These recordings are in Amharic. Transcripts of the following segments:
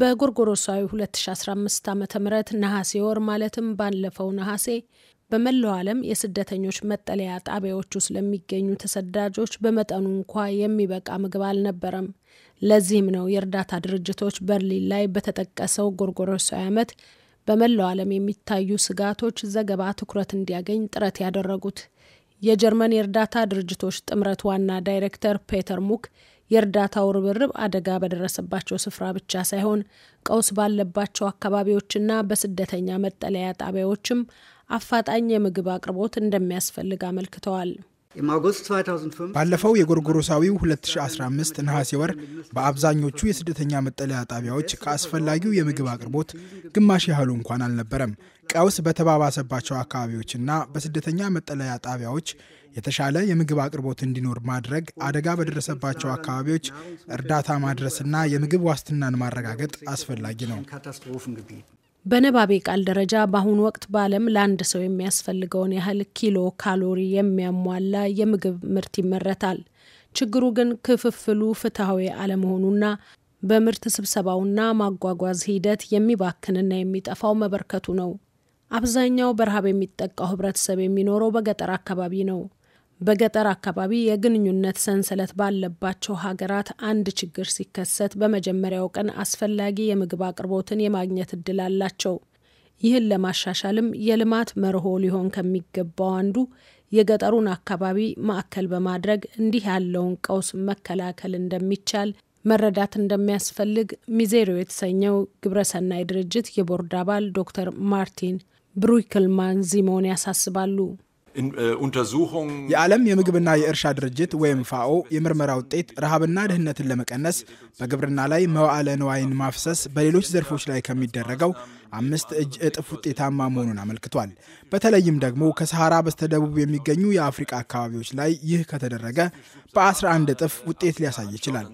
በጎርጎሮሳዊ 2015 ዓ ም ነሐሴ ወር ማለትም ባለፈው ነሐሴ በመላው ዓለም የስደተኞች መጠለያ ጣቢያዎች ውስጥ ለሚገኙ ተሰዳጆች በመጠኑ እንኳ የሚበቃ ምግብ አልነበረም። ለዚህም ነው የእርዳታ ድርጅቶች በርሊን ላይ በተጠቀሰው ጎርጎሮሳዊ ዓመት በመላው ዓለም የሚታዩ ስጋቶች ዘገባ ትኩረት እንዲያገኝ ጥረት ያደረጉት። የጀርመን የእርዳታ ድርጅቶች ጥምረት ዋና ዳይሬክተር ፔተር ሙክ የእርዳታው ርብርብ አደጋ በደረሰባቸው ስፍራ ብቻ ሳይሆን ቀውስ ባለባቸው አካባቢዎችና በስደተኛ መጠለያ ጣቢያዎችም አፋጣኝ የምግብ አቅርቦት እንደሚያስፈልግ አመልክተዋል። ባለፈው የጎርጎሮሳዊው 2015 ነሐሴ ወር በአብዛኞቹ የስደተኛ መጠለያ ጣቢያዎች ከአስፈላጊው የምግብ አቅርቦት ግማሽ ያህሉ እንኳን አልነበረም። ቀውስ በተባባሰባቸው አካባቢዎችና በስደተኛ መጠለያ ጣቢያዎች የተሻለ የምግብ አቅርቦት እንዲኖር ማድረግ፣ አደጋ በደረሰባቸው አካባቢዎች እርዳታ ማድረስና የምግብ ዋስትናን ማረጋገጥ አስፈላጊ ነው። በነባቤ ቃል ደረጃ በአሁኑ ወቅት በዓለም ለአንድ ሰው የሚያስፈልገውን ያህል ኪሎ ካሎሪ የሚያሟላ የምግብ ምርት ይመረታል። ችግሩ ግን ክፍፍሉ ፍትሐዊ አለመሆኑና በምርት ስብሰባውና ማጓጓዝ ሂደት የሚባክንና የሚጠፋው መበርከቱ ነው። አብዛኛው በረሃብ የሚጠቃው ህብረተሰብ የሚኖረው በገጠር አካባቢ ነው። በገጠር አካባቢ የግንኙነት ሰንሰለት ባለባቸው ሀገራት አንድ ችግር ሲከሰት በመጀመሪያው ቀን አስፈላጊ የምግብ አቅርቦትን የማግኘት እድል አላቸው። ይህን ለማሻሻልም የልማት መርሆ ሊሆን ከሚገባው አንዱ የገጠሩን አካባቢ ማዕከል በማድረግ እንዲህ ያለውን ቀውስ መከላከል እንደሚቻል መረዳት እንደሚያስፈልግ ሚዜሮ የተሰኘው ግብረሰናይ ድርጅት የቦርድ አባል ዶክተር ማርቲን ብሩይክልማን ዚሞን ያሳስባሉ። Äh, untersuchungen የዓለም የምግብና የእርሻ ድርጅት ወይም ፋኦ የምርመራ ውጤት ረሃብና ድህነትን ለመቀነስ በግብርና ላይ መዋዕለ ንዋይን ማፍሰስ በሌሎች ዘርፎች ላይ ከሚደረገው አምስት እጅ እጥፍ ውጤታማ መሆኑን አመልክቷል። በተለይም ደግሞ ከሰሃራ በስተደቡብ የሚገኙ የአፍሪቃ አካባቢዎች ላይ ይህ ከተደረገ በ11 እጥፍ ውጤት ሊያሳይ ይችላል።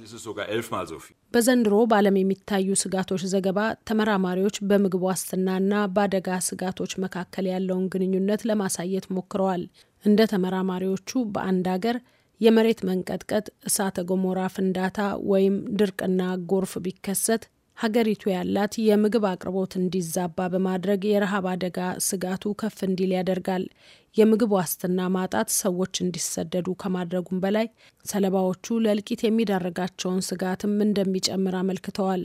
በዘንድሮ በዓለም የሚታዩ ስጋቶች ዘገባ ተመራማሪዎች በምግብ ዋስትናና በአደጋ ስጋቶች መካከል ያለውን ግንኙነት ለማሳየት ሞክረዋል። ብለዋል። እንደ ተመራማሪዎቹ በአንድ አገር የመሬት መንቀጥቀጥ፣ እሳተ ገሞራ ፍንዳታ ወይም ድርቅና ጎርፍ ቢከሰት ሀገሪቱ ያላት የምግብ አቅርቦት እንዲዛባ በማድረግ የረሃብ አደጋ ስጋቱ ከፍ እንዲል ያደርጋል። የምግብ ዋስትና ማጣት ሰዎች እንዲሰደዱ ከማድረጉም በላይ ሰለባዎቹ ለእልቂት የሚዳረጋቸውን ስጋትም እንደሚጨምር አመልክተዋል።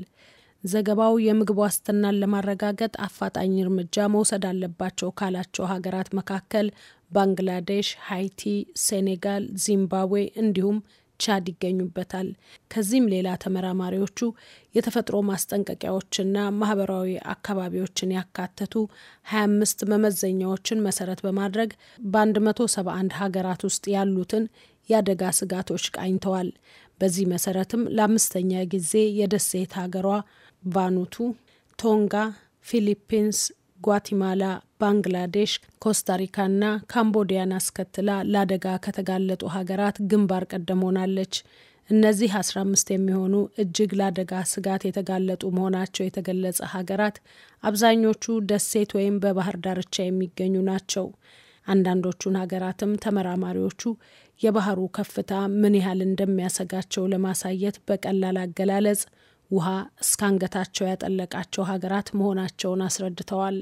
ዘገባው የምግብ ዋስትናን ለማረጋገጥ አፋጣኝ እርምጃ መውሰድ አለባቸው ካላቸው ሀገራት መካከል ባንግላዴሽ፣ ሃይቲ፣ ሴኔጋል፣ ዚምባብዌ እንዲሁም ቻድ ይገኙበታል። ከዚህም ሌላ ተመራማሪዎቹ የተፈጥሮ ማስጠንቀቂያዎችና ማህበራዊ አካባቢዎችን ያካተቱ 25 መመዘኛዎችን መሰረት በማድረግ በ171 ሀገራት ውስጥ ያሉትን የአደጋ ስጋቶች ቃኝተዋል። በዚህ መሰረትም ለአምስተኛ ጊዜ የደሴት ሀገሯ ቫኑቱ፣ ቶንጋ፣ ፊሊፒንስ፣ ጓቲማላ፣ ባንግላዴሽ፣ ኮስታሪካና ካምቦዲያን አስከትላ ለአደጋ ከተጋለጡ ሀገራት ግንባር ቀደም ሆናለች። እነዚህ 15 የሚሆኑ እጅግ ለአደጋ ስጋት የተጋለጡ መሆናቸው የተገለጸ ሀገራት አብዛኞቹ ደሴት ወይም በባህር ዳርቻ የሚገኙ ናቸው። አንዳንዶቹን ሀገራትም ተመራማሪዎቹ የባህሩ ከፍታ ምን ያህል እንደሚያሰጋቸው ለማሳየት በቀላል አገላለጽ ውሃ እስከ አንገታቸው ያጠለቃቸው ሀገራት መሆናቸውን አስረድተዋል።